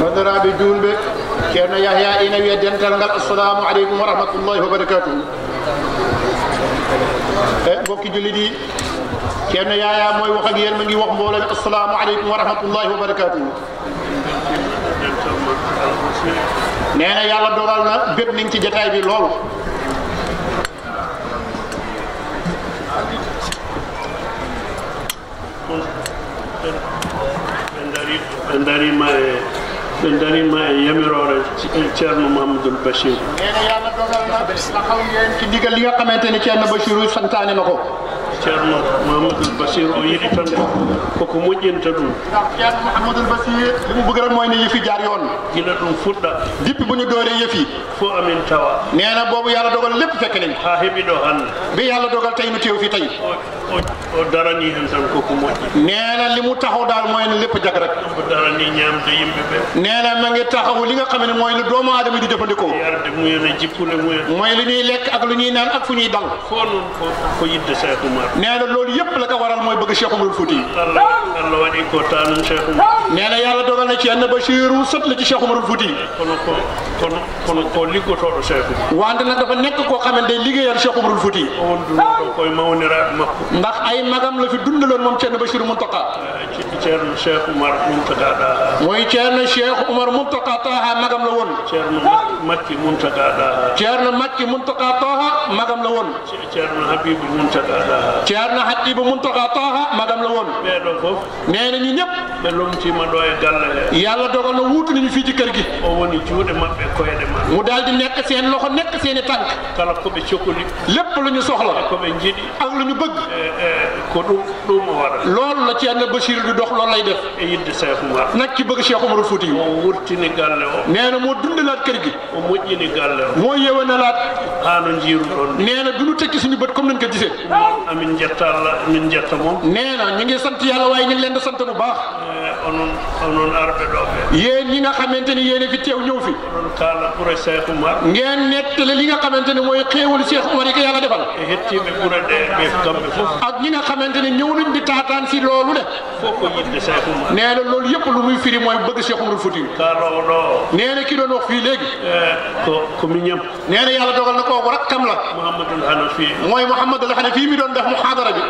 bandiraɓe julɓe ceerno yahya ina wiya dental ngal assalamu aleykum wa rahmatullahi wa barakatuhu e eh, mbokki julli ɗi ceerno yahya mooy wax ak yéen ma ngi wax mbooloo assalamu aleykum wa rahmatullahi wa barakatuhu nee na yàlla doral na bépp nañ ci jataay bi lool ɓe darima e eh, ɓe darima e eh, yamirore ceerno eh, mouhamadoul bachir nene yalla dogal na ma xaw ngeen ci ndigal li nga xamante ni ceerno bachirou santaane na ko ceerno mouhamadoul basir o yiɗi tan koko moƴƴinta ɗum ndax ceerno mouhamadoul basir li mu bëgg rek mooy ne yëfi jaar yoon gila ɗum fuɗɗa dippi bu ñu dooree na boobu yàlla dogal lépp fekk nañ ha heɓi ɗo hannde bi yàlla dogal tey nu teew fi tey o darani hen tan koko li mu taxaw daal mooy lépp jag rek o darani ñaamde na ma ngi li nga xam ne mooy lu doomu aadama di jëfandikoo yarde mumen e jippule mooy lu ñuy lekk ak lu ñuy naan ak fu ñuy dal ko nee na loolu yëpp la ko waral mooy bëgg Cheikh Oumar Fouti yi nee na yàlla dogal na Ceerno Bachiru sët la ci Cheikh Oumar Fouti yi wante nag dafa nekk koo xamante day liggéeyal Cheikh Oumar Fouti yi ndax ay magam la fi dundaloon moom Ceerno Bachiru Muntaqa ceerno cheikh oumar muntaka ɗaha moy ceerno cheikh oumar muntaga taha magam la won ceerno makki muntaka ɗaha ceerno makki muntaka toha magam la won ceerno habibu muntaka ɗaha ceerno habibu muntaka toha magam la won ɓeɗo fof neena ñi ñep ɓe lomtima ɗo e galle he yalla dogal na wut ni fi ci kër gi o woni juuɗe mabɓe koyɗe ma mu daldi nek seen loxo nek seen tank kala ko be cokkoli lepp lu ñu soxla ko be jiɗi ak lu ñu bëgg e, e, ko ɗum ɗum waɗa lool la ci yalla bashir du dox loolu lay def e yidde cheikh oumar nag ki bëgg cheikh oumar fouti mo wurtini galle o nee na moo dundalaat kër gi o moƴƴini galle o moo yewenalaat haano njiiru ɗon nee na duñu tekki suñu bët comme nañ ko gisee amin jetta allah min jetta moom nee na ñu ngi sant yàlla waaye ñu ngi leen di sant bu baax onon onon arɓe ɗo ɓe yéen ñi nga xamante ni yéen a fi teew ñëw fi onon kaala ɓura cheikh oumar ngeen nettale li nga xamante ni mooy xéewal cheikh oumar yi ko yàlla defal e hettiɓe ɓura ɗe ɓe kamɓe fof ak ñi nga xamante ni ñëw nañ di taataan si loolu de fof ko yiɗ nee na loolu yëpp lu muy firi mooy bëgg Cheikh Oumar Fouti nee na ki doon wax fii léegi nee na yàlla dogal na kooku rakkam la mooy Mouhamadul Hanafi mi doon def muhaadara bi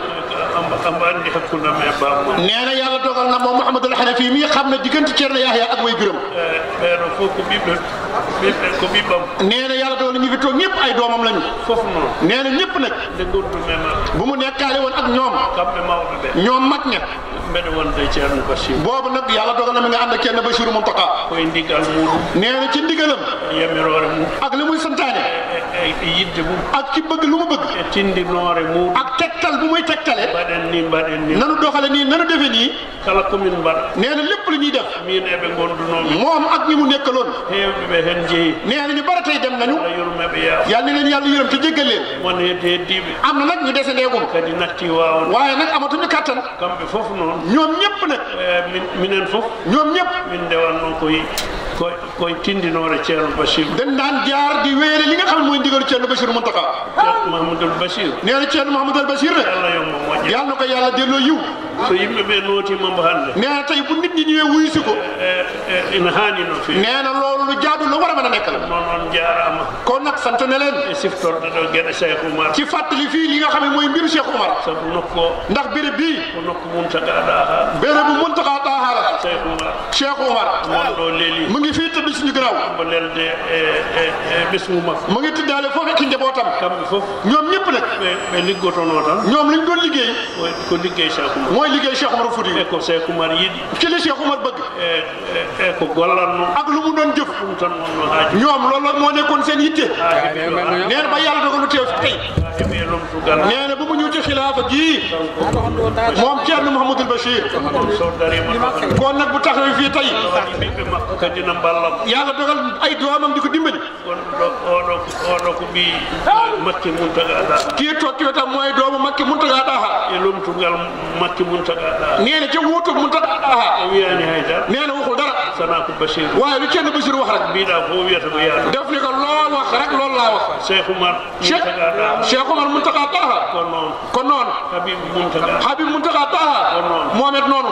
nee na yàlla dogal na moom Mouhamadul Hanafi mi xam ne diggante Thierno Yahya ak way biram nee na yàlla dogal na ñu fi toog ñëpp ay doomam lañu nee na ñëpp nag bu mu nekkaale woon ak ñoom ñoom mag ña mbeɗowon de boobu nag yàlla dogal na mi ne ànd ak ceerno basir muntaka koye ndigal muɗum nee na ci ndigalam yamirore mum ak li muy santaane yidde ak ci bëgg lu mu bëgg e tindinoore mum ak tegtal bu muy tegtale mbaɗen ni mbaɗen ni nanu doxale nii nanu defe nii kala commune mbaɗa nee na lépp lu ñuy def min eɓe gondunoomi moom ak ñi mu nekkaloon heewɓe ɓe heen jeeyi na ñu bara tey dem nañu yurmeɓe yaa yal na leen yàlla yërëm te jéggal leen am na nag ñu dese ndeegum kadi natti waawan waaye nag amatuñu kattan kamɓe fof noon ñoom ñëpp nag eh, minen fof ñoom ñëpp min ndewanno koy koy koy tindinoore ceerno bachir dañ daan jaar di wéere li nga xam ne mooy ndigalu ceerno bachir muntaka ceerno mahamadul bachir nee na ceerno mahamadul bachir yàlla na ko yàlla delloo yiw so yimɓe ɓe nootimamo hannde nee tey bu nit ñi ñëwee wuyusi ko ina haani no feewi nee na loolu lu jaadu lu war a mën a nekk la moo noon jaaraama kon nag sant na leen e siftorde ɗo geɗe cheikh oumar ci fàttali fii li nga xam ne mooy mbiru cheikh oumar sabu nokko ndax béréb bii ko nokko muntaga ɗaaha bérébu muntaga ɗaaha la cheikh oumar cheikh oumar mon ɗo leeli mu ngi fii tëdd suñu gannaaw mo lelde e ɓesmu makko mu ngi tuddaale foofu ci njabootam kamɓe fof ñoom ñëpp nag ɓe liggotonoo tan ñoom liñ doon liggéey ko liggéey cheikh oumar liggéey Cheikh Omar Fouti e ko Cheikh Omar yiɗi ci li Cheikh Omar bëgg e ko gollanno ak lu mu doon jëf ɗum tan wonno haaji ñoom loolu moo nekkoon seen yitte neen ba yàlla dogalu teew tey nee na ma mujj xilaafa gii moom Thierno a Bachir kon nag bu taxawee fii tey yàlla dogal ay doomam a ko dimbali. kii toog ci wetam mooy doomu Makki Muntaga Daha a na ca wuutu Muntaga Daha nee na waxul dara. sanaaku Bachir. waaye lu kenn Bachir wax rek. bii daa foo wiyata ba yaatu. def ni ko loo wax rek loolu laa wax. Cheikh Umar. Cheikh Cheikh Umar Muntaqa Taha. kon noonu. kon noonu. Habib Muntaqa. Habib Muntaqa Taha. kon noonu. Mohamed noonu.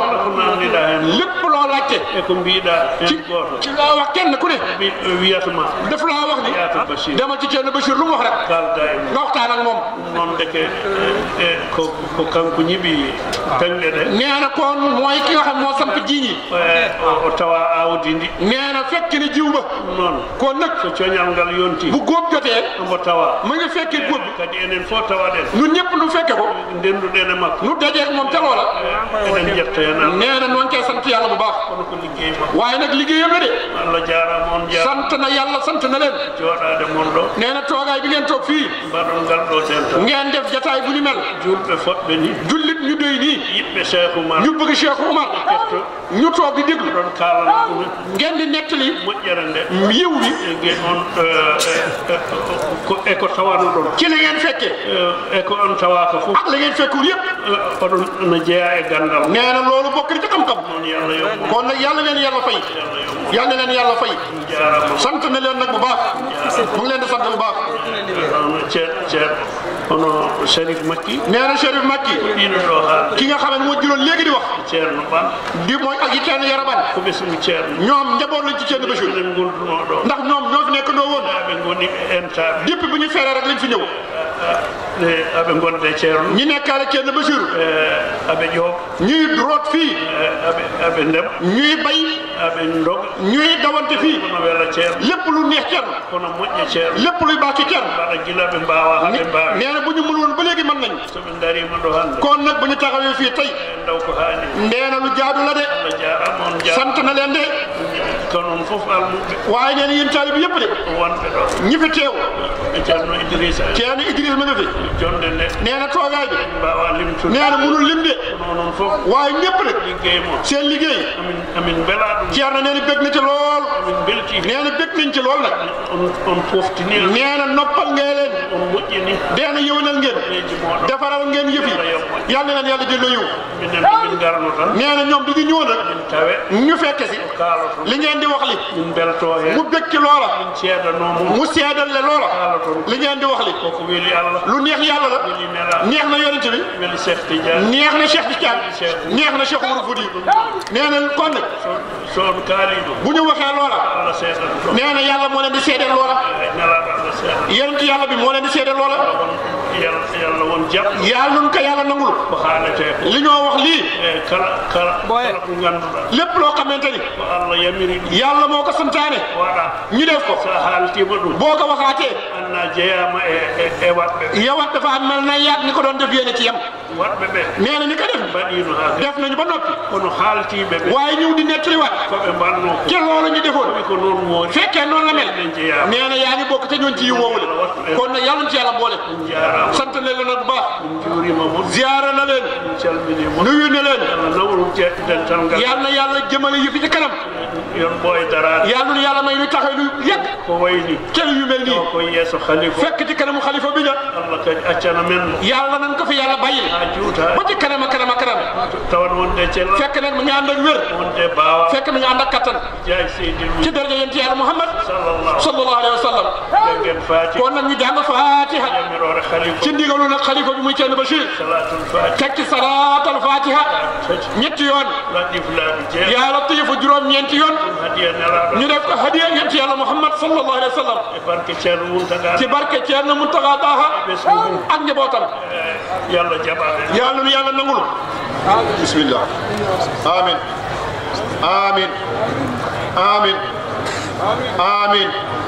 lépp loo laajte. et que bii daa. ci ci laa wax kenn ku ne. bii euh, wiyata ma. def laa wax ni. yaatu Bachir. demal ci kenn Bachir lu mu wax rek. kaal daay moom nga waxtaan ak moom. moom ndeke euh, eh, ko ko kanku ñibbi. waaw kañ la de. nee na kon mooy ki nga xam moo samp ji ñi. o tawa waaw dindi nee na fekk ni jiw ba noon ko nag so coñal ngal yonti bu góob jotee ombo tawa ma nga fekke góob bi kadi nu fekke ko e makko nu dajeek moom tawala eɗen eh, jetta hen nee na noon kay bu baax kono ko liggéey ma waaye nag liggéeyam la de allah jarama on jaar na yàlla sant na leen jooɗade mon ɗo nee toogaay bi ngeen toog fii mbaɗon ngal ɗo ten tan ngeen def jataay bu ni mel julɓe foɗɓe ni jullit ñu doy nii yiɓɓe cheikh oumar ñu bëgg ñu toog di déglu ngeen di nettali yiw bi e ko tawano ɗon kila ngeen fekke e ko on tawaka fof ak la ngeen fekkul yëpp oɗon no jeeya e gandal nee na loolu bokkri ci xam-xam kon nag yàlla leen yàlla fay yàlla leen yàlla fay sant na leen nag bu baax mu ngi leen di sant bu baax ceer ceer kono Cherif Makki nee na Cherif Makki ki nga xam ne moo juróon léegi di wax ceerno ban di mooy ak yi ceerno yaraban ko ɓesmi ceerno ñoom njaboot lañ ci ceerno Bachir ndax ñoom ñoo fi nekk ndoo woon depuis bu ñu feeree rek lañ fi ñëw aɓe gonde ceerno ñi nekkaale ceerno basiru eh, aɓe joob ñuy root fii eh, aɓe aɓe ndem ñuy bay aɓe ndog ñuy lépp lu neex ceerno lépp luy baaki ceerno mbaɗa gila ɓe mbawa bu ñu mën woon ba léegi mën nañ soɓe darima nag bu ñu taxawee fii tey eh, ndaw ko haali ndeena lu jaadu la de sant na leen de kono on fof almuɓe waaynen yim taaliɓe yëpp de wonɓe ɗo ñifi tew e ceerno idrissa ceerno idrissa mene fi jonde nde neena toogaaji mbawa limtude neena munul limde noon seen liggéey amin amin mbela ɗum ceerno nene min belti nee na bég nañ ci lool nag on foftini nee na noppal ngeen leen on moƴƴini dee na yëwnal ngeen defaral ngeen yëf yi yàlla leen yàlla jëlloo yiw nee na ñoom bi ñu ñëw nag ñu fekke si li ngeen di wax li mu bég ci loola mu seedal le loola li ngeen di wax li lu neex yàlla la neex na yonent bi neex na Cheikh Tidiane neex na Cheikh Oumar Fouti nee na kon nag bu ñu waxee loola nee na yàlla moo leen di seedeel loola yonent yàlla bi moo leen di seedeel loola yàlla nun ko yàlla nangul li ñoo wax lii booye lépp loo xamante ni yàlla moo ko santaane ñu def ko boo ko waxaatee e- e- e- yawat dafa am mel na yaat ni ko doon def yéene ci yam watɓe ɓe nee na ñi ko def mbaɗino ha def nañu ba noppi kono haaltiɓe ɓe waawi ñëw di nettali wat koɓe eh, mbanno ke loolu ñu defoon ko noon woni fekkee noon la mel nee na yaa ngi te ñoon ci yi woowu le kon nag yàlla ci yàlla boole sant leen la nag bu baax ziara na leen nuyu na leen yàlla na yàlla jëmale yëfi ci kanam yàlla na yàlla may lu taxaw lu yàgg kenn yu mel nii fekk ci kanamu xalifa bi ña yàlla nañ ko fi yàlla bàyyi ba ci kanam a kanam a kanam fekk nag mu ngi ànd ak wér fekk mu ngi ànd ak kattan ci daraja yonent yàlla Muhammad sallallahu alayhi wa sallam كون نجي جانا فاتحة شندي قولوا نت خليفة بمكان بشير تكي صلاة الفاتحة نتيون يا لطيف جرام نتيون نرف هدية نتي على محمد صلى الله عليه وسلم تبارك تيانا منتغا داها أني بوطن يا لطيف يا لطيف نقول بسم الله آمين آمين آمين آمين, آمين. آمين. آمين. آمين. آمين. آمين.